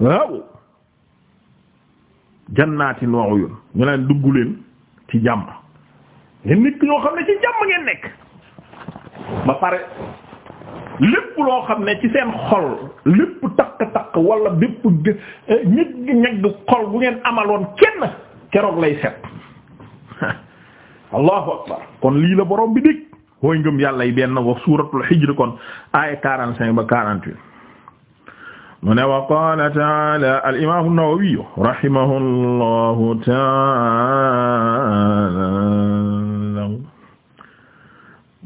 waaw jannaati wa uyun ñu leen dugg leen ci jàmm ngeen nekk ñoo xam ne ci jàmm ngeen nekk ba pare lépp loo xam ne ci seen xol lépp takk-takk wala bépp eh, ñëgg ñëgg xol bu ngeen amaloon kenn keroog lay set allahu akbar kon lii la borom bi dig wooy ngëm yàlla yi benn wax suuratul hijr kon aaya quarante cinq ba quarante huit mu wa qaala taala al imaamu Nawawi rahimahullahu taala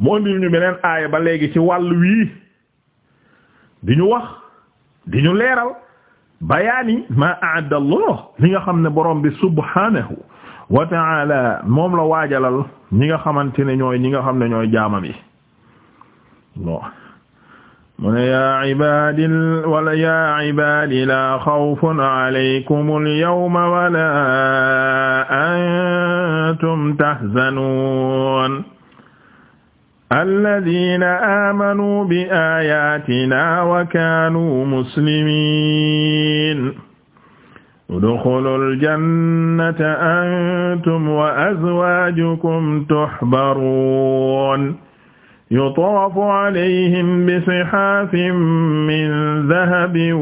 mu indi ñu beneen aaya ba léegi ci wàll wii di ñu wax di ñu leeral bayaani ma a'adda Allah li nga xam ne boroom bi subhaanahu wa taala moom la waajalal ñi nga xamante ne ñooy ñi nga xam ne ñooy jaamam yi mu ne yaa ibaadi wala yaa ibaadi laa xawfun alaykum alyawma wala antum tahzanuun alladiina aamanuu bi aayaatinaa wa kaanuu muslimiin udxulul jannata antum wa azwaajukum tuhbaruun yutaafu alayhim bisihaafin min dahabin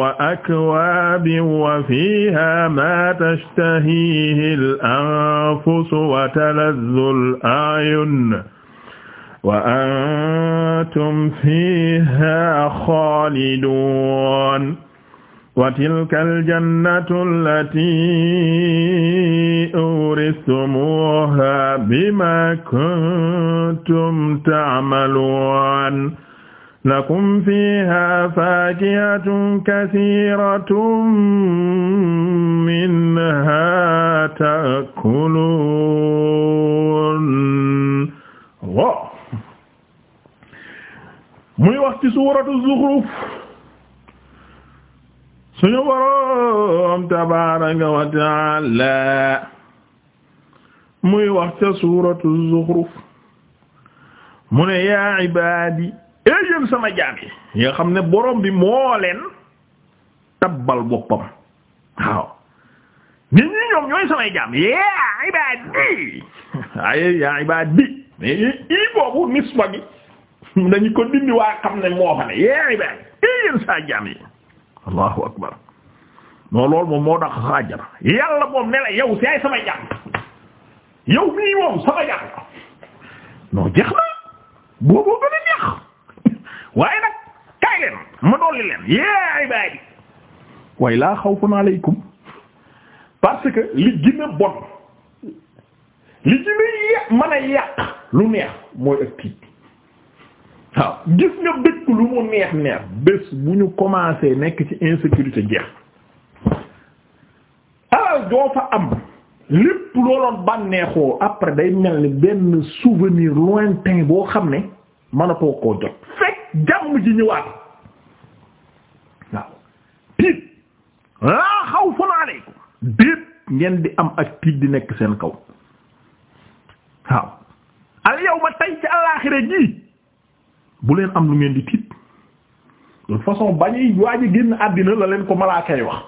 wa akwaabin wa fiihaa maa tashtahiihi al-anfusu wa talazzu al-a'yun wa antum fiihaa xaaliduun wa tilka aljannatu allati uristumuha bima kuntum ta'malun lakum fiha fakihatun kasiratun minha ta'kulun wa muy wax ci suuratu Zuxruf suñu boroom tabaaraka wa ta'aala muy wax ca suuratu Zuxruf mu ne yaa ibaadi ee yéen sama jaam yi nga xam ne boroom bi moo leen tabbal boppam waaw nit ñi ñoom ñooy samay jaam yaa ibaadi waaye yaa ibaadi mais boobu nisba gi ko dindi waa xam ne moo yaa ibaadi ee yéen saa allahu akbar non loolu moom moo tax xaajara yàlla moom ne la yow si ay sama jàmm yow mii moom sama jàmm non jeex na booboo gën a neex waaye nag kaay leen ma dolli leen yaa ibaadi waaye laa xawfun alaykum parce que li gën a bon li gën a ye- mën a yàq lu neex mooy ak tiit waaw gis nga dëkk lu mu neex neex bés bu ñu commencé nekk ci insécurité jeex alal joo fa am lépp looloon bànneexoo après day mel ni benn souvenir lointain boo xam ne mënatoo koo jot fekk jàmm ji ñëwaat waaw tiit laa xawfun alaykum déet ngeen di am ak tiit di nekk seen kaw waaw al yawma tay ci alaaxira ji buleen leen am lu ngeen di tiit façon bañuy waaj a génn àddina la leen ko malaakay wax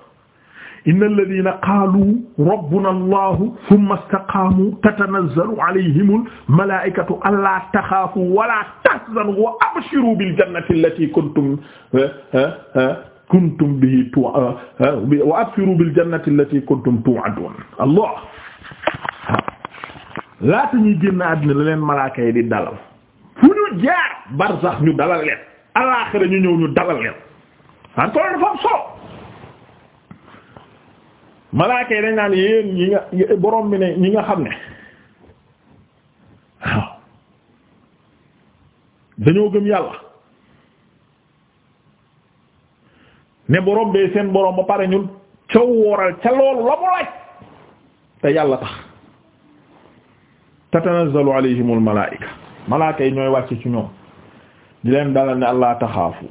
inna alladina qaalu rabbuna allahu thumma istaqaamu tatanazzalu alayhim almalaikatu abshiru biljannati allati kuntum eh, eh, eh, kuntum bihi allah laata ñuy génn àddina la leen malaaka yi di ñu jaar barzax ñu dalal alaaxira ñu ñëw ñu dalal leen encore ah dafa am solo malaaka yi dañ naan yéen ñi nga borom bi ne ñi nga xam ne waaw dañoo gëm yàlla ne borom bee seen borom ba pare ñun ca wooral ca loolu la mu laaj te yàlla tax tatanazzalu alayhimul malaa'ika malaaka yi ñooy wàcc ci ñoom di leen dalal ne allah taxaafu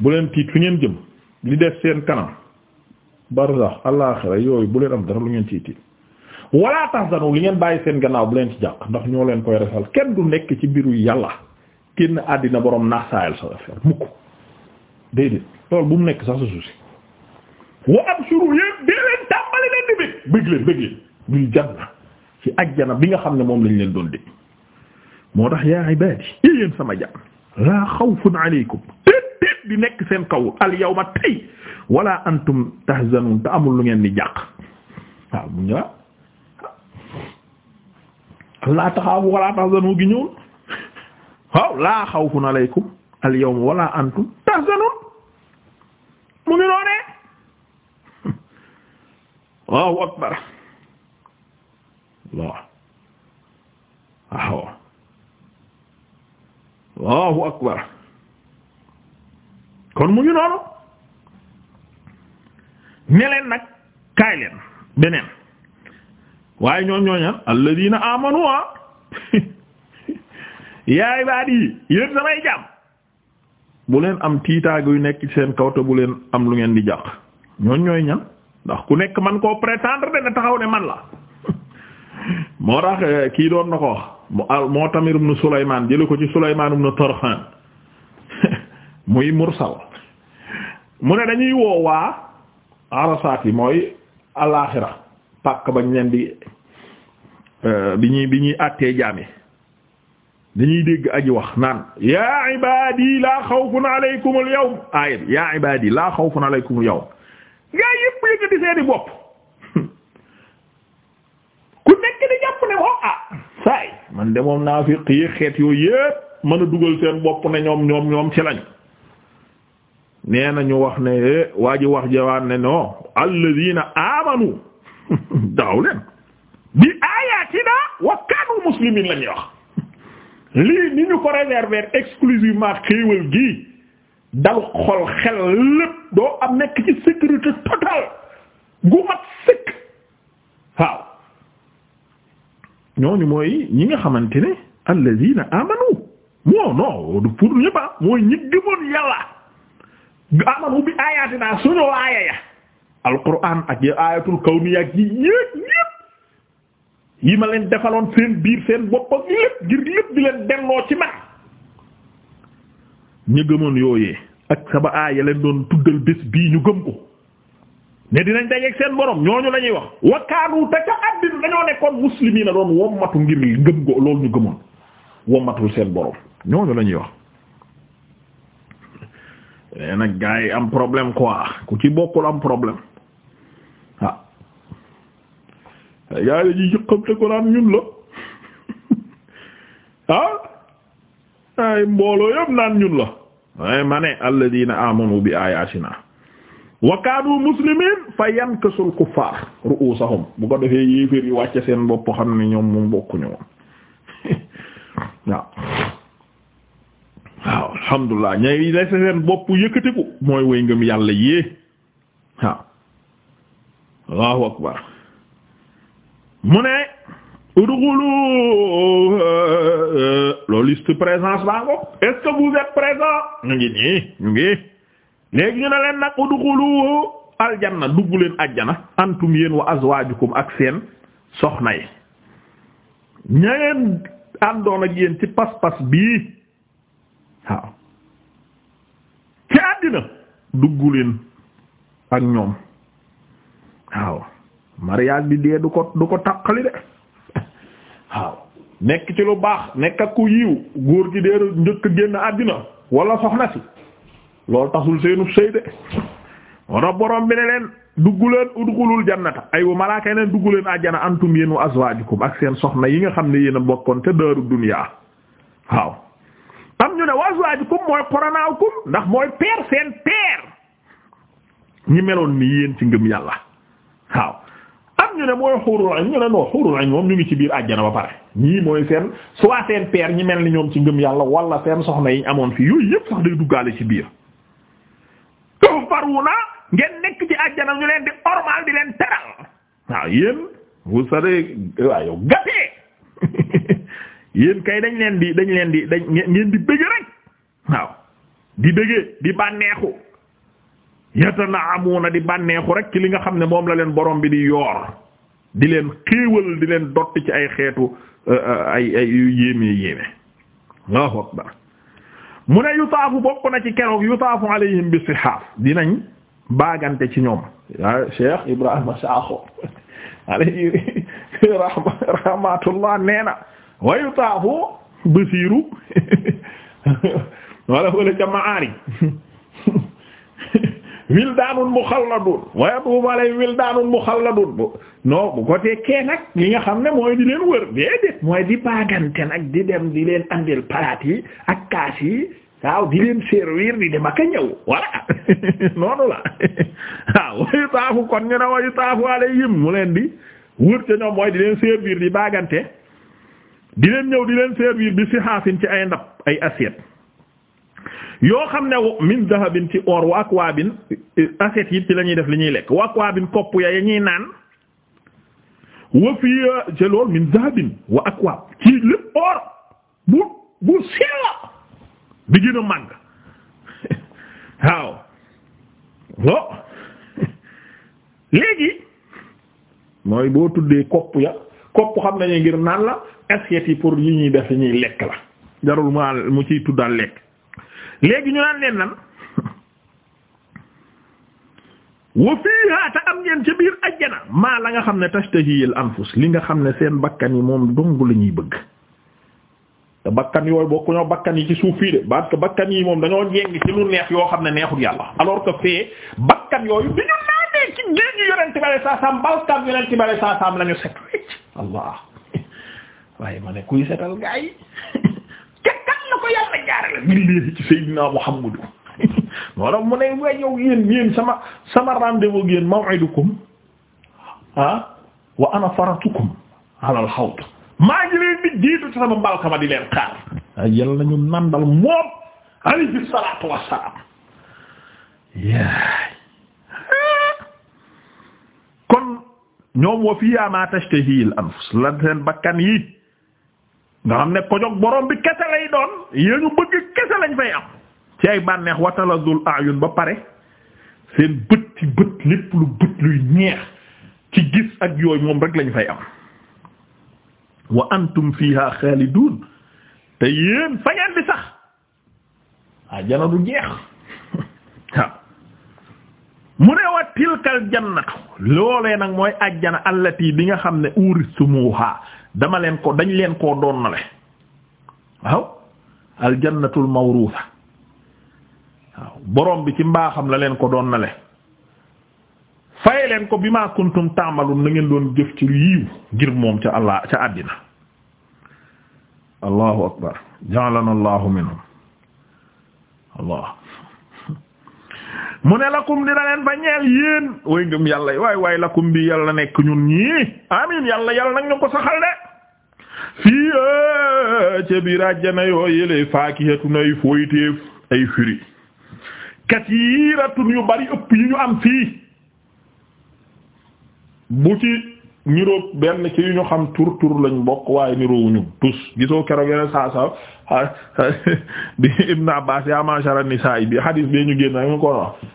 bu leen tiit fi ngeen jëm li def seen kanam barzax alaaxira yooyu bu leen am dara lu ngeen ciy tiit wala tahzanu li ngeen bàyyi seen gannaaw bu leen ci jàq ndax ñoo leen koy resal kenn du nekk ci biiru yàlla kenn àddina boroom naax saayal sa affaire mukk déedéet loolu bu mu nekk sax sa suusi wa abshuru yéen dee leen tàmbali leen di bég leen bég leen bil janna ci ajjana bi nga xam ne moom lañ leen doon dégg moo tax yaa ibaadi yéen sama jàmm laa xawfun aleykum di nekk seen kaw al yawma tey wala antum tahzanun te amul lu ngeen di jàq waaw mu ñu laa taxaafu wala tahzanu gi ñëwul waaw laa xawfun aleykum al yawma wala antum tahzanun mu ngi noonee Allahu akbar Allah allahu akbar kon mu ngi noonu ne nag kaay leen beneen waaye ñoom ñooñan alladina amanu ah yaay baat yi yéen samay jàmm bu leen am tiitaag yu nekk ci seen kaw te bu leen am lu ngeen di jàq ñooñ ñooy ñan ndax ku nekk man koo prétendre de na taxaw ne man la moo tax eh, kii doon na ko wax mu al Mu'tamir ibn Sulaymaan jële ko ci Sulaymaan ibn Tarxaan muy mursal mu ne dañuy woo waa arasaat yi mooy alaaxira pàkk bañ leen di euh, bi ñuy bi ñuy àttee jaam yi dañuy dégg aji wax naan yaa ibaadi laa xawfun alaykum al yawm aayat yaa ibaadi laa xawfun alaykum al yawm yaa yépp yëkkati seeni bopp ku nekk di jàpp ne wo oh, ah saay man de moom naafiq yi xeet yooyu yépp mën a dugal seen bopp ne ñoom ñoom ñoom ci lañ nee ñu wax ne eh, waa ji wax jawaan ne non alladina amanu daaw leen bi ayatina wa kanu muslimin wax lii ni ñu ko réserver exclusivement xéewal gi dal xol xel lépp doo am nekk ci sécurité totale gu mat sëkk waaw ñooñu mooy ñi nga xamante ne alladina amanu moo non pour ñëpp ah mooy ñi gëmoon yàlla amanu bi ayatina suñu aaya ya alquran ak ya ayatul kawniya ak yi ñépp yi ma leen defaloon seen biir seen bopp ak lépp ngir lépp di leen delloo ci man ñu gëmoon yooyee ak sama aaya leen doon tuddal bés bii ñu gëm ko ne dinañ dajeeg seen borom ñooñu la ñuy wax wa kaanu te ca addina dañoo nekkoon muslimiina doon wommatu ngir gëm go loolu ñu gëmoon wommatul seen borom ñooñu la ñuy wax mais nag gars yi am problème quoi ku ci bokkul am problème ah gars yi dañuy yëqamte ko naan ñun la ah ay mbooloo yëpp naan ñun la ay ma ne alladina amanu bi ayatina wa kaanu muslimiin fa yankasul kuffaar ru'uusahum bu ko defee yéeféer yi wàcce seen bopp xam ne ñoom moom bokkuñu woon waaw waaw alhamdulilah ñay la seen bopp yëkkatiku mooy way ngëm yàlla yée waaw allahu akbar mu ne udxulu euh, euh, loolu liste présence baa ngo est que vous êtes présent ñu ngi nii ñu ngi léegi ñu ne leen nag udxulu aljanna dugg leen ajjana antum yéen wa azwaajukum ak seen soxna yi ña ngeen ak yéen ci pas-pas bii waaw ci àddina dugg leen ak ñoom waaw mariage bi dee du ko du ko taqali de waaw nekk ci lu baax nekk ak ku yiw góor gi dee njëkk génn àddina wala soxna si loolu taxul seenu sëy de wara borom bi ne leen duggu leen udxulul ay aywa malaaka yi leen duggu leen àjjana antum yéen wa azwaajukum ak seen soxna yi nga xam ne yéen a bokkoon te daaru duniyaa waaw am ñu ne wa azwaajukum mooy qoranaakum ndax mooy meloon ni yéen ci ngëm yàlla waaw am ñu ne mooy xuurul añ ñu ne noo xuurul añ moom ñu ngi ci biir àjjana ba pare ñii mooy seen soit seen peer ñi mel ni ñoom ci ngëm yàlla wala seen soxna yi ñu amoon fii yooyu yëpp sax day duggaale ci biir tuhfaruna ngeen nekk ci àjjana ñu leen di normal di leen teral waaw yéen vous savez waaw yow gâté yéen kay dañ leen di dañ leen di dañ ngeen di bëgg rek waaw di bëggee di bànneexu na di bànneexu rek li nga xam ne moom la leen borom bi di yoor di leen xéewal di leen dotti ci ay xeetu euh, euh, ay ay yu yéeme yéeme Allahu akbar mu ne yutaafu bokk na ci keroog yutaafu alayhim bi sihaaf dinañ baagante ci ñoom yaa Cheikh Ibrahima Sakho alayhi rahmatullah nee na wa yutaafu basiiru wala wala ca maari wildaanun mukhalladun wa yatuufu alayhim wildaanun mukhalladun bu non bu ko tekkee nag li nga xam ne mooy di leen wër déedéet mooy di baagante nag di dem di leen andil palaat yi ak kaas yi waaw di leen servir di dem ak ñëw voilà noonu la waaw wa kon ñu ne wa yutaafu alayhim mu leen di wër ca ñoom mooy di leen servir di baagante di leen ñëw di leen servir bi si xaasin ci ay ndab ay assiette yoo xam ne min dahabin ci or wa akwaabin eh, assiette yi ci la def li ñuy lekk wa akwaabin kopp ya ya ñuy naan wa fiya ci lool min dahabin wa akwaab ci lépp or bu bu seela bi gën a màgg waaw léegi mooy boo tuddee kopp ya kopp xam nañu ngir naan la assiette yi pour yi ñuy def li ñuy lekk la jarul mu mu ciy tuddal lekk léegi ñu naan leen nan wa fiiha te am ngeen ca biir ajjana maa la nga xam ne tashtahi al anfus li nga xam ne seen bakkan yi moom dong la ñuy bëgg te bakkan yooyu bokku ñoo bakkan yi ci suuf fii de parce que bakkan yi moom dañoo jéng ci lu neex yoo xam ne neexul yàlla alors que fee bakkan yooyu bi ñu naanee ci géeju yonent bale saa balkan yonent bale saa saam la set wecc allah waaye ma ne kuy setal gaa ko yàlla jaarale bindee ci Seydina Muhammadu wala mu ne way yow yéen yéen sama sama rendez-vous yéen maw'idukum ah wa ana faratukum ala al-hawd maa ngi leen di jiitu ci sama mbalka ma di leen xaar ay yàlla nañu nandal moom alayhi salatu wassalam yaay kon ñoom wa fiya ma tashtahi al-anfus lan seen bakkan yi nga xam ne ko borom bi kese lay doon yéen ñu bëgg kese lañ fay am ci ay bànneex wataladul ayun ba pare seen bët ci bët lépp lu bët luy neex ci gis ak yooyu moom rek lañ fay am wa antum fiha xaalidun te jeex waaw mu ne wa tilkal jannatu loolee nag mooy ajjana allati bi nga xam ne uristumuha dama leen ko dañ leen koo doonnale waaw aljannatul mawruusa waaw borom bi ci mbaaxam la leen ko doon doonnale faye leen ko bi ma kuntum taamalun na ngeen doon jëf ci yiiw ngir moom ca allah ca àddina allahu akbar ja'alana allahu minhum allah mu ne lakum dina leen fa ñeel yéen way ngëm waay waay lakum bi yàlla nekk ñun ñii amin yàlla yàlla nag ko saxal de fii eh, ca biir àjjana yoo yëlee faakihatun ay foyteef ay firi katiiratun yu bari ëpp yu ñu am fii bu ci niroog benn ci ñu xam tur tur lañu bokk waaye niroowuñu tus gisoo keroog yeneen saa saa bi Ibn Abbas yaa ma'shara nisaa bi hadis bee ñu génn rek mu ko wax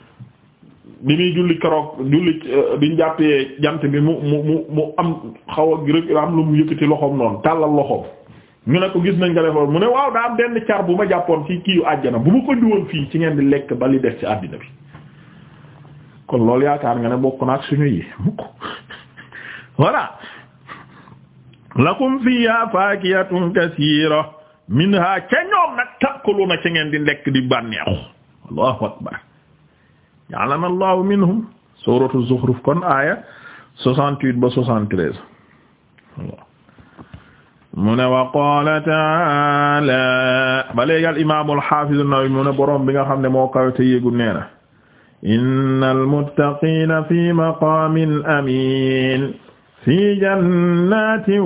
bi muy julli keroog julli euh, biñ jàppee jant bi mu mu mu mu am xaw a rek am lu mu yëkkati loxoom noonu tàllal loxoom ñu ne ko gis nañ nga defoon mu ne waaw daa am benn car bu ma jàppoon ci kii yu àjjana bu ma ko diwoon fii ci ngeen di lekk ba li def ci àddina bi kon loolu yaakaar nga ne bokk naa ak suñu yi mukk voilà lakum fiha faakiyatun kasiira minha ca ñoom nag takkuluna ci ngeen di lekk di bànneexu allahu akbar ya'lamu allahu minhum suuratu zukhruf kon aaya 68 ba 73 mu ne wa qaala ta'aala ba léegi al imaam al haafiz an-Nawawi mu ne borom bi nga xam ne moo kawte yéegu nee na innal muttaqiina fii maqaamin amiin fii jannaatin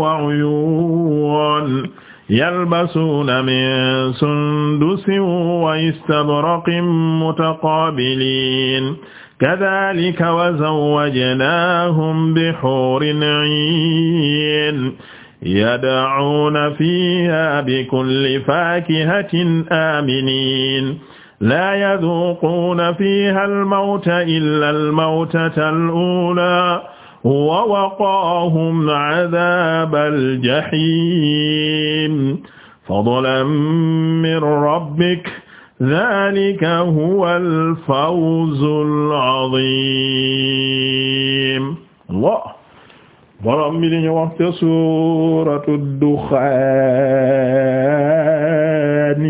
wa uyuun yalbasuuna min sundusin wa istabraqin mutaqaabiliin kadaalika wa zawwajnaahum bihuurin ciin yadcuuna fiihaa bikulli faakihatin aaminiin laa yaduuquuna fiihaa almawta illaa almawtata al-uulaa wa waqaahum adaabal jahiim fadlan min rabbik zaalika huwal fawzul aziim. Allah borom bi di ñu wax ca suuratu Duxaan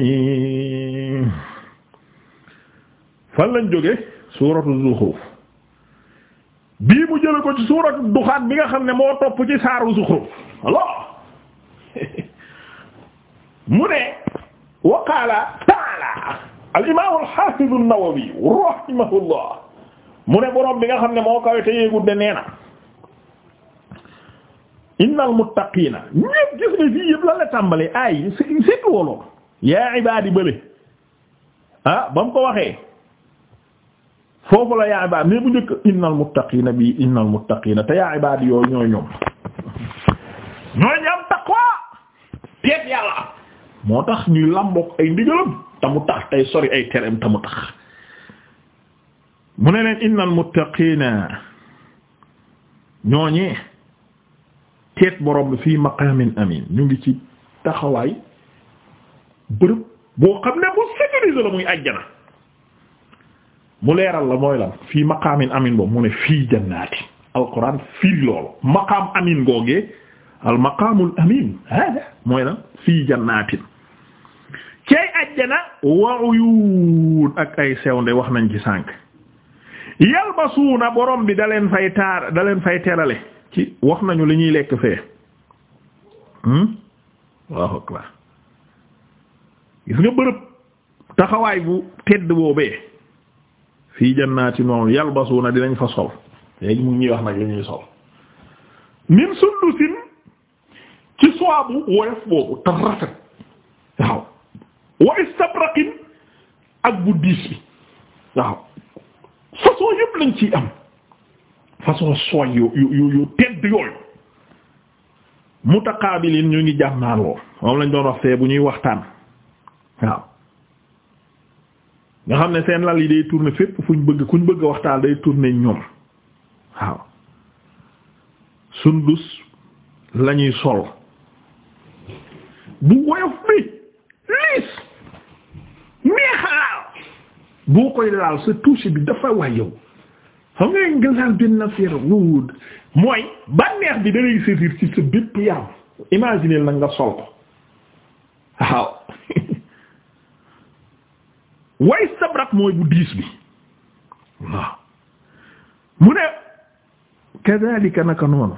fan lañ jóge suuratu Zuxruf bii mu jële ko ci suuratu duxaan bi nga xam ne moo topp ci saaru zuxruf Allah mu ne wa qaala taala al imaamu al xaafizu an-Nawawi rahimahullah mu ne borom bi nga xam ne moo kawe te yeegul de nee na innal muttaqiina ñépp gis nga fii yëpp lan la tàmbalee ay c'est tout wolof yaa ibaadi bële ah ba ko waxee foofu la yaa ibaad mais bu njëkk innal muttaqiina bi innal muttaqiina te yaa ibaad yooyu ñooy ñoom ñooy ñam taqwa teet yàlla moo tax ñuy làmbook ay ndigalam te mu tax tey sori ay tereem te mu tax mu ne leen innal muttaqiina ñooñee teet borom bi fii maqaamin amin ñu ngi ci taxawaay bërëb boo xam ne bu sécurisé la muy àjjana mu leeral la mooy lan fii maqaamin amin boobu mu ne fii jannaati alquran firi loolu maqaam amin googee al maqaamul amin mooy lan fii jannaatin cey ajjana wa uyun ak ay sewnde wax nañ ci sànq yalbasuuna borom bi da leen fay taar da leen fay terale ci wax nañu li ñuy lekk fee hmm gis nga bërëb taxawaay bu tedd boobee fii jannaati moom yalbasuuna dinañ fa sol léegi mu ngi wax nag li ñuy sol min sundusin ci soobu woyof boobu te rafet waaw wa istabraqin ak bu diis bi waaw façon yëpp lañ ciy am façon sooy yu yu yu tedd yooyu mutaqaabilin ñu ngi jàmmaarloo moom lañ doon wax fee bu ñuy waxtaan waaw nga xam ne seen lal yi day tourner fépp fuñ bëgg kuñ bëgg waxtaan day tourner ñoom waaw sundus lañuy sol bu woyof bi liis neexal boo koy laal sa touche bi dafa waay yow xam nga laal benn affaire wóod mooy bànneex bi da lay saisir ci sa bépp yaram imaginer la nga sol ko waaw way sabrak mooy bu diis bi waaw mu ne kadhalika naka noonu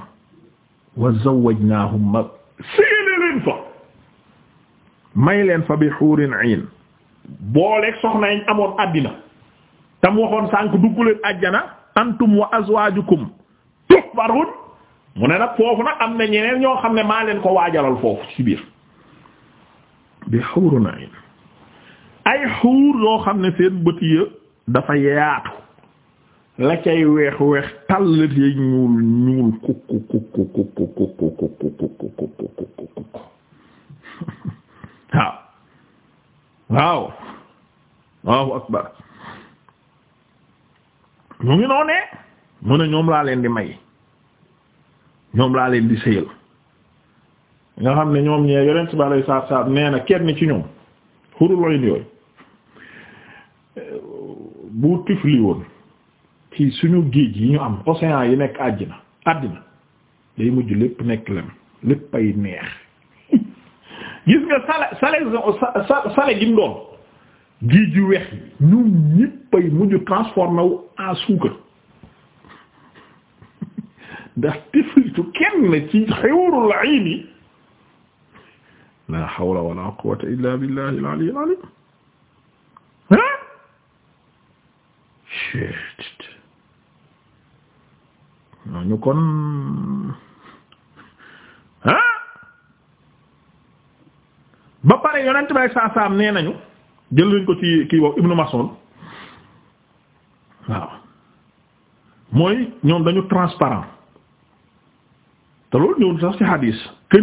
wa zawwajnaahum ma séene leen fa may leen fa bi xuurin ayn booleeg soxna yi amoon àddina tam waxoon sànk dugg leen àjjana antum wa azwaajukum tuhbarun mu ne nag foofu nag am na ñeneen ñoo xam ne maa leen ko waajalal foofu ci biir bi xuurin ayn ay xuur yoo xam ne seen bët ya dafa yaatu la cay weex weex tàll te ñuul ñuul kukku kukku kukku waaw waaw waaw akbar mu ngi noonee mu ne ñoom laa leen di may ñoom laa leen di sëyal nga xam ne ñoom ñee yonent bi alayhi salaatu salaam nee na kenn ci ñoom xurul ayni yooyu bu tifli woon ci suñu géej yi ñu am océan yi nekk àddina àddina day mujj lépp nekk lem lépp ay neex gis nga sale sale gi mu doon géej yu weex yi ñun ñëpp ay mujj transformé wu en ndax tiflitu kenn ci xewrul ayni la hawla wala quwwata illa billahi al-ali al-alim ñooñu kon ah ba pare yonent bay saa saam nee nañu jël nañ ko ci kii wow Ibnu Mas'ud waaw mooy ñoom dañu transparent te loolu ñëwul sax ci hadis que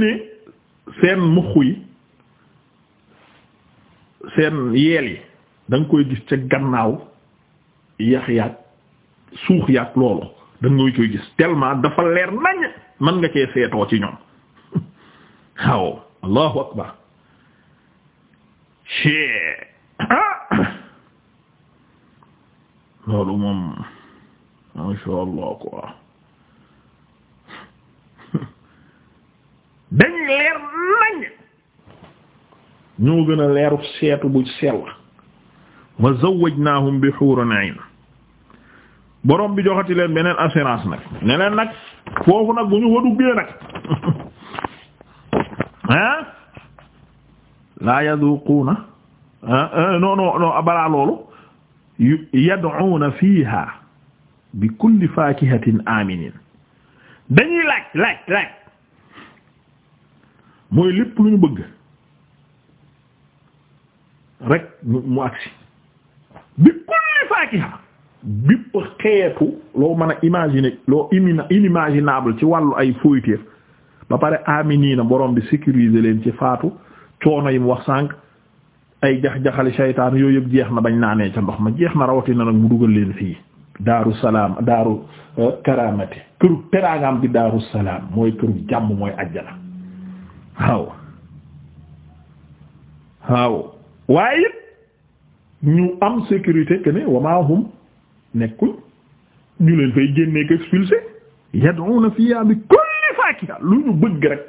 seen mux yi seen yeel yi da koy gis ca gannaaw yax yaag suux yaag loolu da nga koy dafa leer nañ mën nga cee seetoo ci ñoom waaw allahu akbar loolu moom masha allah quoi dañ leer nañ ñoo gën a leer seetu bu sell wa zawwajnaahum bi huurin ayn borom bi joxati leen beneen assurance nag ne leen nag foofu nag bu ñu fa duggee nag ah laa yaduquuna euh, non loolu yad'uuna fiiha bi kulli faakihatin aminin dañuy laaj laaj laaj mooy lépp lu ñu bëgg rek mu agsi bi kulli faakiha bépp xeetu loo mën a imaginer loo imin inimaginable ci wàllu ay foyteef ba pare aminiina boroom bi sécuriser leen ci faatu coono yi mu wax sànq ay jax-jaxali saytaan yooyu yëpp jeex na bañ naanee ca ndox ma jeex na rawatina nag mu dugal leen fii daaru salaam daaru euh, karamate këru teraangam di daaru salaam mooy këru jàmm mooy ajjana waaw waaw waaye it ñu am sécurité que ne wamaahum nekkul ñu leen fay génneek expulsé yad'una fiha bi kulli faakiha lu ñu bëgg rek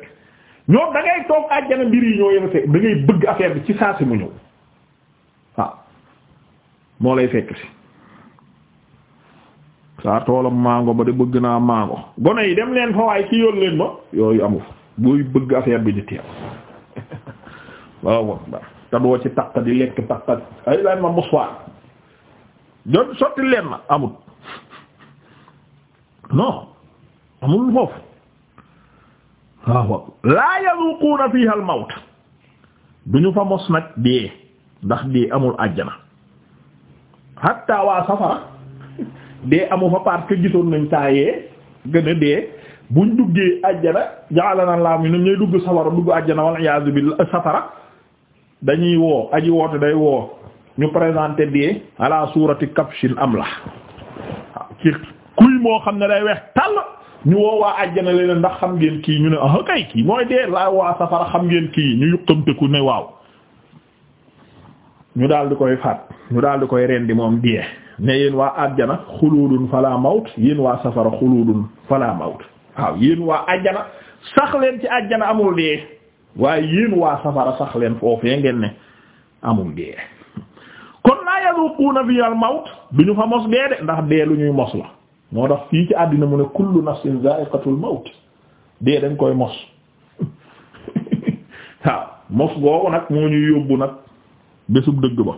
ñoom da toog àjjana mbir yi ñoo yëngate da ngay bëgg affaire bi ci saa si mu ñëw waaw moo lay fekk si saa toolam mango ba de bëgg naa mango gone yi dem leen fa waaye ci yoon leen ma yooyu amu booy bëgg affaire bi di teew waaw waaw te doo ci takk di lekk takk ay laaj ma muswaar ñoom sotti leen ma amul non amul foofu waaw laa yazuquuna fiha al mawt duñu fa mos nag dee ndax dee amul àjjana hatta waa safara dee amu fa parce que gisoon nañ taayee gën a dee buñ duggee àjjana ja'alana Allah mi ñoom ñooy dugg safara dugg àjjana wal iyaazu billah safara dañuy woo aji woote day woo ñu présenté bi ala surati kabshin am la kuy moo xam ne day weex tàll ñu woo àjjana leen ndax xam ngeen kii ñu ne ah kay kii mooy dee laa waa safara xam ngeen kii ñu yuqamte ku ne waaw ñu daal di koy faat ñu daal di koy rendi moom dee ne yéen waa àjjana xuluudun fala mawt yéen waa safara xuluudun fala mawt waaw yéen waa àjjana sax leen ci àjjana amul dee waaye yéen waa safara sax leen foofee ngeen ne amul dee kon laa yazuquuna fi al mawt du ñu fa mos dee de ndax dee lu ñuy mos la moo tax fii ci àddina mu ne kullu nafsin za'iqatul mawt dee dañ koy mos waaw mos googu nag moo ñuy yóbbu nag bésub dëgg ba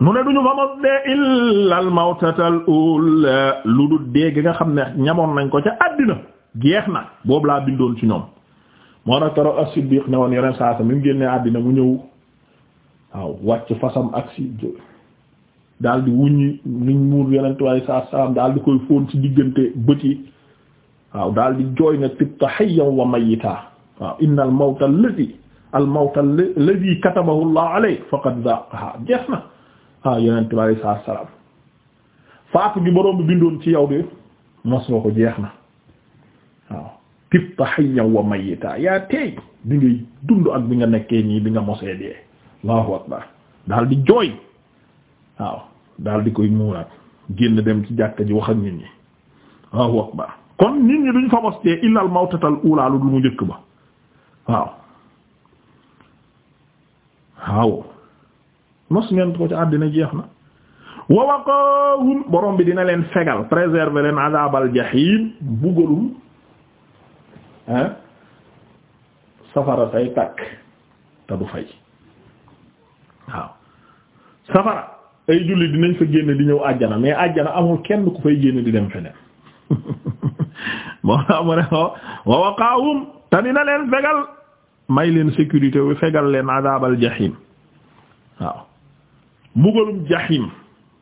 mu ne du ñu fa mos dee illa mawtatal ula lu du dee nga xam ne ñamoon nañ ko ca àddina geex na boobu laa bindoon ci ñoom moo tax keroog as ne woon yeneen saa sa mi mu génnee àddina mu ñëw waaw wàcc fasam ak si daal di wuññi niñ muur yenentu alei saatu salaam daal di koy fóon ci diggante bët yi waaw daal di jooy na tibta hayyan wa mayitaa waaw inna al mawta alladhi al mawta alladhi faatu gi boroom bindoon ci yow de mos ko jeex na waaw tibta hayyan wa mayitaa yaa teey bi ngay dund ak bi nga nekkee nii bi nga mosee dee allahu akbar daal di jooy waaw daal di koy muuraat génn dem ci jàkka ji wax ak nit ñi allahu akbar kon nit ñi duñ fa mos tee illal mawtatal lu mu njëkk ba waaw waaw mos ngeen ko ci àddina jeex na wa borom bi dina leen fegal préserver leen adabal jahim bugalum safara say tàkk te du fay waaw safara ay julli dinañ fa génn di ñëw àjjana mais àjjana amul kenn ku fay génn di dem feneen moo naa mu ne ko wa te dina leen fegal may leen sécurité wi fegal leen adaabal jaxiim waaw mbugalum jaxiim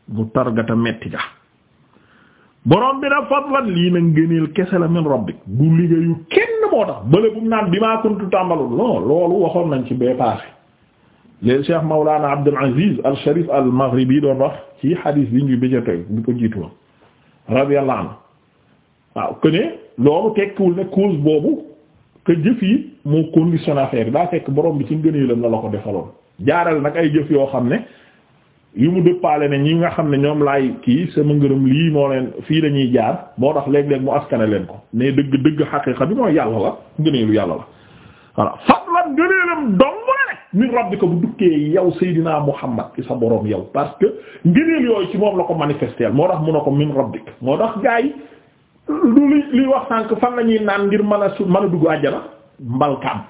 bu targata metti ga borom bi nag fadlan lii nag ngëneel kese la min rabbik du liggéeyu kenn moo tax bële naan bi maa kuntu tàmbalul non loolu waxoon nañ ci bee passé léegi Cheikh Mawlana Abdul Aziz al Sharif al Maghribi doon wax ci hadith bi ñu bëjee tey bu ko jiitu woon radiyallahu anhu waaw que ne loolu tekkiwul ne cause boobu que jëf yi moo condition affaire daa fekk boroom bi ci ngëneelam la la ko defaloon jaaral nag ay jëf yoo xam ne yi mu dëppaale ne ñi nga xam ne ñoom laay kii sama ngërëm lii moo leen fii lañuy jaar boo tax léeg-léeg mu askane leen ko mais dëgg dëgg xaqiiqa bi mooy yàlla la ngëneelu yàlla la min ko bu dukkee yow Seydina Muhammad ci sa borom yow parce que ngëneel yooyu ci moom la ko manifesté moo tax mu ne ko min rabbika moo tax gaa yi lu li liy wax sànq fan la ñuy naan ngir mën a su mën a dugg àjjana mbalkaam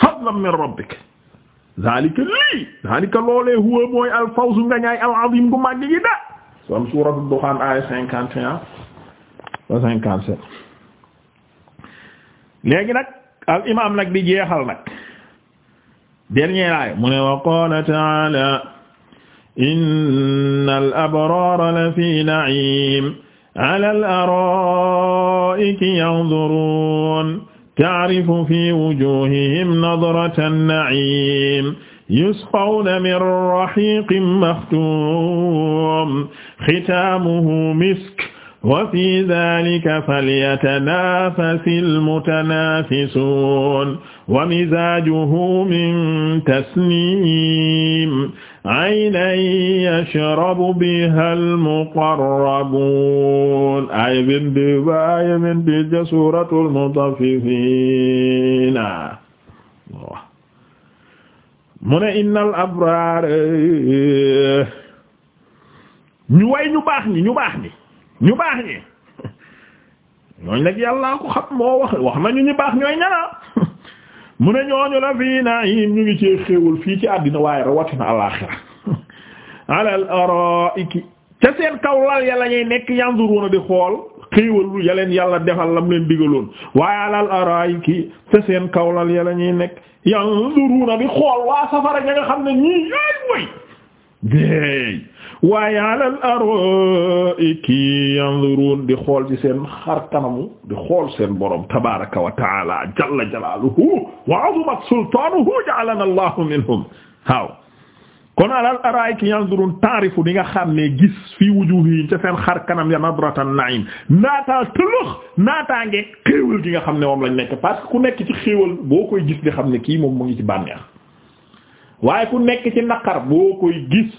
fadlan min rabbika lii zalika loolee huwa mooy al nga ñaay al azim gu màgg gi da son suuratu Duxaan aaya cinquante et nag al imaam nag di jeexal nag dernier aaya mu ne wa qaala ta'aala innal abraara lafii na'iim 'ala al-araa'iki yanzuruun ta'rifu fii wujuuhihim nadrata an-na'iim yusqawna min rahiiqin makhtuum khitaamuhu misk wa fi dhalika falyatanafasil mutanafisuun wa mizaajuhu min tasniim aynan yashrabu bihal muqarrabuun aaya vingt-deux ba aaya vingt-huit ja suuratul mutaffifiin mu ne innal abraar ñu way ñu baax ñi ñu baax ñi ñu baax ñi ñooñ nag yàllaa ko xam moo wax wax nañu ñu baax ñooy ñanaa mu ne ñooñu la fii na'iim ñu ngi ci xéewal fii ci àddina waaye rawatina alaaxira alal araa'iki ca seen kaw lal ya lañuy nekk yanzuruna di xool xéewal ya leen yàlla defal lam leen digaloon waaye alal araa'iki ca seen kaw lal ya lañuy nekk yanzuruna di xool waa safara ña nga xam ne ñii yooyu mooy waaye alal ara'iki di xool ci seen xar kanamu di xool seen borom tabaraka wa taala jalla jalaluhu wa azumat sultanuhu ja'alana allahu minhum waaw kon alal ara'iki taarifu di nga xam ne gis fii wujuhi ca seen xar kanam ya nadratan na'im naataa tëlëx naataange xéewal gi nga xam ne moom lañ nekk parce que ku nekk ci xéewal boo koy gis di xam ne kii moom mu ngi ci bànneex waaye ku nekk ci naqar boo koy gis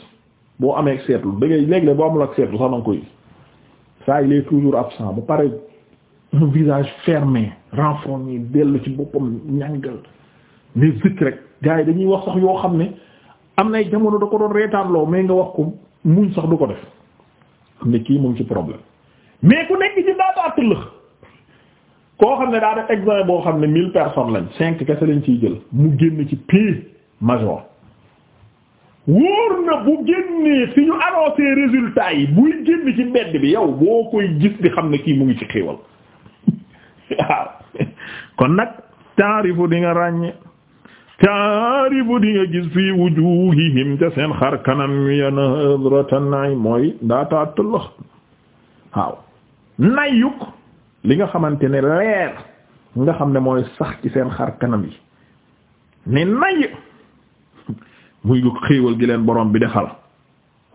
boo amee ak seetlu dangay léeg-léeg boo amul ak seetlu sax na nga koy saa il est toujours absent bu pare visage fermé renfrogné dellu ci boppam ñàngal ne zik rek gaa yi dañuy wax sax yoo xam ne am nay jamono da ko doon reetaanloo mais nga wax ko muñ sax du ko def xam ne kii mu ci problème mais ku nekk ci daata tëllëx koo xam ne daa def examen boo xam ne mille personnes lañ cinq kese lañ ciy jël mu génn ci pire major wóor na bu génnee si ñu annoncé résultat yi buy génn ci mbedd bi yow boo koy gis di xam ne kii mu ngi ci xéewal waaw kon nag taarifu di nga ràññe taarifu di nga gis fii wujuhihim ca seen xar kanam ya nadratan nay mooy ndaataa tëllax waaw nayyuk li nga xamante ne leer nga xam ne mooy sax ci seen xar kanam yi ni nay muy xéewal gi leen borom bi defal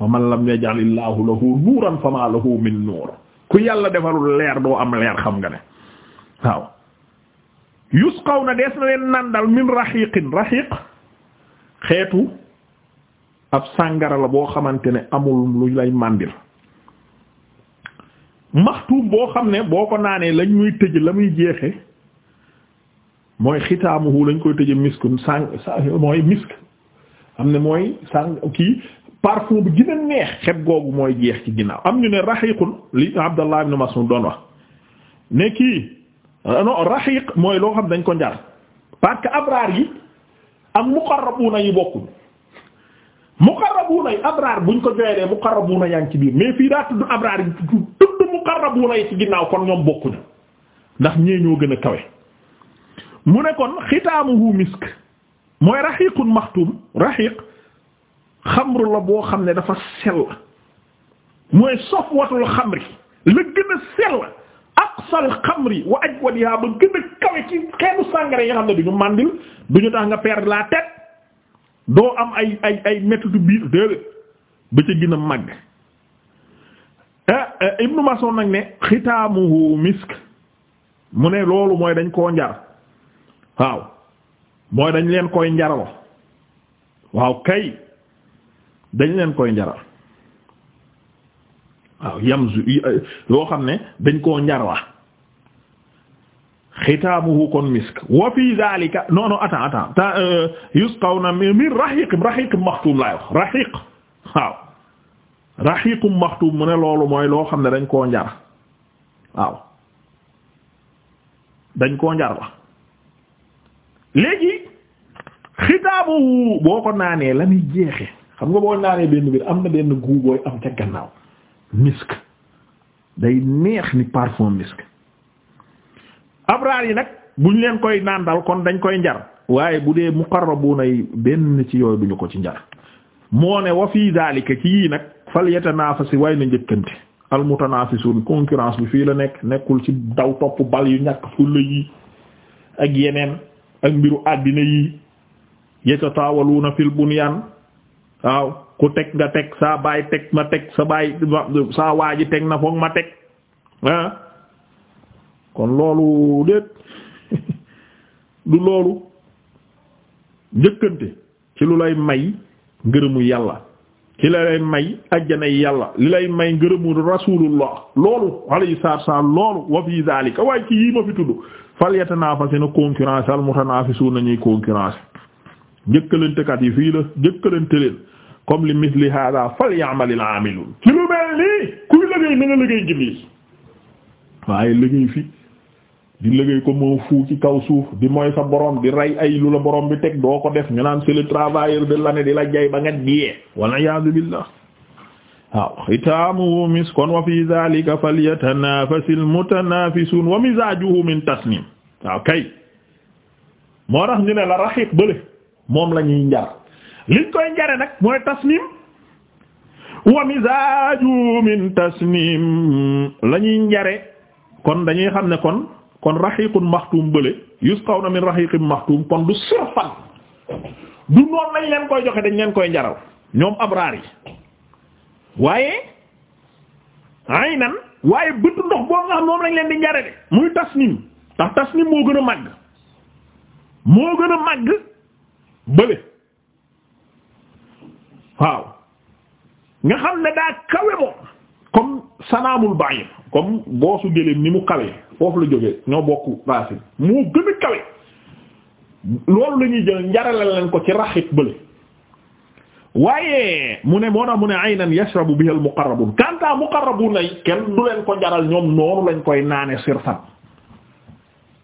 wa man lam yaj'alillaahu lahu nuuran famaa lahu min nuur ku yàlla defalul leer doo am leer xam nga ne waaw yusqawna dees na leen nandal min raxiqin raxiq xeetu ab sàngara la boo xamante ne amul lu lay màndil maxtuum boo xam ne boo ko naanee lañ muy tëj la muy jeexe mooy xitaamuhu lañ koy tëje miskun sang mooy misk xam ne mooy sàng kii parfum bi gën a neex xet googu mooy jeex ci ginnaaw am ñu ne raxiqun li Abdallah ibn Mas'ud doon wax ne kii ah non raxiq mooy loo xam dañ ko njar parce que abraar yi ak muqarrabuna yi bokkul muqarrabuna yi abraar buñ ko joxee muqarrabuna yaa ngi ci biir mais fii daa tudd abraar yi tudd muqarrabuna yi ci ginnaaw kon ñoom bokkuñu ndax ñee ñoo gën a kawe mu ne kon xitaamuhu misk mooy raxiqun maxtum raxiq xamru la boo xam ne dafa sell mooy safwatul xamri la gën a sell aqsal xamri wa ajwadiha ba gën a kawe ci xeetu sàngara yi xam ne du ñu màndil du ñu tax nga perdre la doo am ay ay ay méttitu biir déedéet ba ca gën a eh, eh, Ibnu Mas'ud nag ne xitaamuhu misk mu ne loolu mooy dañ koo njar waaw mooy dañ leen koy njaral waaw kay dañ leen koy njaral waaw yam yoo xam ne dañ koo njarwa xitaamuhu kon misk wa fi dhalika non non attends attends ta euh, yusqawna min rahiqim rahiqim maxtuum laay wax waaw rahiqum maxtuum mu ne loolu mooy loo xam ne dañ koo njar waaw dañ koo njar léegi xitaabu boo ko naanee la muy jeexe xam nga boo naanee benn biir am na benn guu booy am ca gannaaw misk day neex ni parfum misk abraar yi nag buñ leen koy naan dal kon dañ koy njar waaye bu dee muqarrabuna yi benn ci yooyu ñu ko ci njar moo ne wa fii daalika ci yii nag fal yatanaafasi waaye na njëkkante al mutanaafisuun concurrence bi fii la nekk nekkul ci daw topp bal yu ñàkk fulla yi ak yeneen ak mbiru àddina yi yatataawaluuna fil bunyaan waaw ku teg nga teg saa baay teg ma teg sa baay saa waaji teg na foog ma teg ah kon loolu déet du loolu njëkkante ci lu lay may ngërëmu yàlla ci la lay may ajjanay yàlla li lay may ngërëmu rasulullah loolu alayhi salaatu salaam loolu wa fi zalika waaye ci yii ma fi tudd fal yatanaafasu na concurrence al mutanaafisu nañuy concurrence njëkkalantekat yi fii leen comme li misli hada falyamalil aamilun ci lu mel nii kuy liggéey na nga liggéey ngir lii waaye liggéey fi di liggéey ko moo fuu di mooy borom di rey ay la borom bi teg doo def ñu naan c'est le travailleur de di la jay ba nga diyee wal iyaadu billah waaw xitaamuhu miskun wa fi dhalika falyatanafasil mutanafisun wa mizajuhu min tasnim waaw kay moo tax ñu la raxiq bële moom lañuy ñuy njar liñ koy njare nag mooy tasnim wa mizaaju min tasnim la njare kon dañuy xam ne kon kon raxiqun maxtuum bële yusqawna min raxiqin maxtuum kon du sirfan du noonu lañ leen koy joxe dañ leen koy njaral ñoom abraar yi waaye aynan waaye bëtt ndox boo nga xam moom lañ leen di njare de muy tasnim ndax tasnim moo gën a màgg moo gën a màgg bële waaw nga xam ne daa kawe moom comme sanaamul bàyyi comme boosu géléem ni mu kawe foofu la jóge ñoo bokk racine moo gën a kawe loolu la ñuy jël njarale leen ko ci raxit bële waaye mu ne moo tax mu ne aynan yashrabu biha al muqarrabun kanta muqarrabun ay kenn du leen ko njaral ñoom noonu lañ koy naane sirfan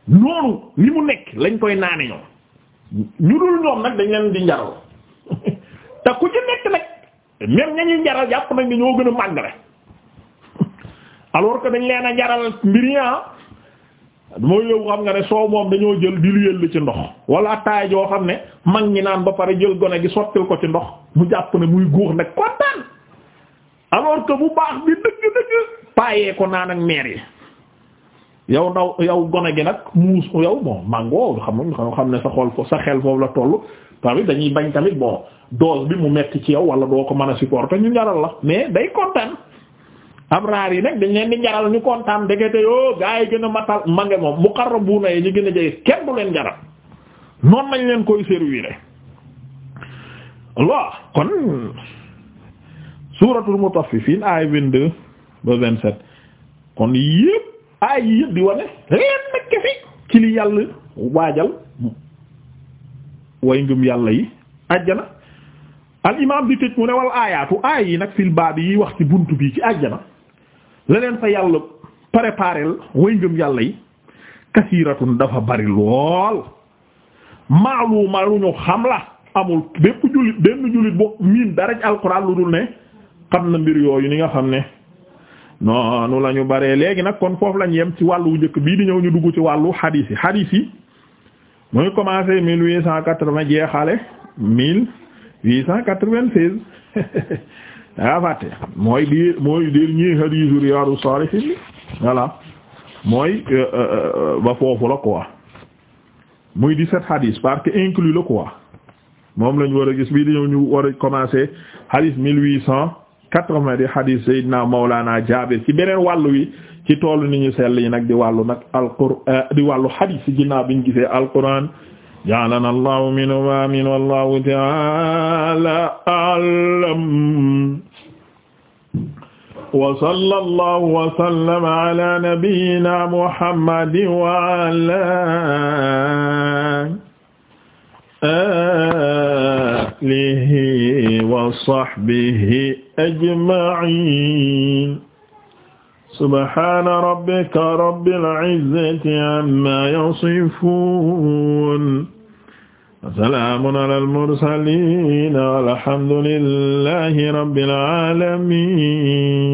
noonu li mu nekk lañ koy naane ñoom ñu dul ñoom nag dañ leen di njaral te ku ci nekk nag même ñañuy njaral jàpp nañ dañoo gën a màgg rek alors que dañ leen a njaral mbir moo ah, mooy xam nga ne soo moom dañoo jël di lu ci ndox wala taay joo xam ne mag ñi naan ba pare jël gone gi sottil ko ci ndox mu jàpp ne muy góor nag kontaan alors que bu baax bi dëgg dëgg paayee ko naan ak meer yi yow ndaw yow gone gi nag muus yow bon mango xam nga xam ne sa xol fo sa xel foofu la toll tamit dañuy bañ tamit bon dose bi mu metti ci yow wala doo ko mën a supporter ñu njaral la mais day kontaan am raar yi nag dañ leen di njaral ñu kontaan ndekete yoo gaa yi gën a matal mange moom mu muqarrabuna yi ñu gën a jege kenn du leen njaral noonu nañ leen koy servir Allah kon suuratul mutaffifiin ay 22 ba 27 kon yépp aay yi yëpp di leen nekk fi ci li yàlla waajal way ngëm yàlla yi àjjana al imaam di tëj mu ne aayaatu aay yi nag fil yi wax ci bunt bi ci àjjana la leen fa yàlla préparel way ngëm yàlla yi kasiiratun dafa bari lool maaluma lu ñu xam la amul bépp jullit benn jullit boo miin dara alxuraan lu dul ne xam na mbir yooyu ni nga xam ne noonu la ñu baree léegi nag kon foofu lañu yem ci wàllu njëkk bii di ñëw ñu dugg ci wàllu xadiis yi xadiis yi muy commencé mille huit cent quatre-vingt jeexale mille huit cent quatre-vingt-seize yaa fàtte mooy di mooy dernier xadiisu Riyâdou Sâlihîne bi voilà mooy euh, euh, euh, ba foofu la quoi muy dix-sept xadiis parce que inclus la quoi moom lañ war a gis bii di ñëw ñu war a commencé xadiis mille huit cent quatre hadith Seydina Mawlana Jaabir ci beneen wàllu wi ci toolu ni ñu sell euh, di wàllu hadith yi ginnaaw bi ñu gisee alquraan ja'alana Allahu minhu wa amin wallahu ta'ala a'lam wa sahbihi ajma'in subhana rabbika rabbil izzati amma yasifun salaamun alal mursalin walhamdulillahi rabbil alamin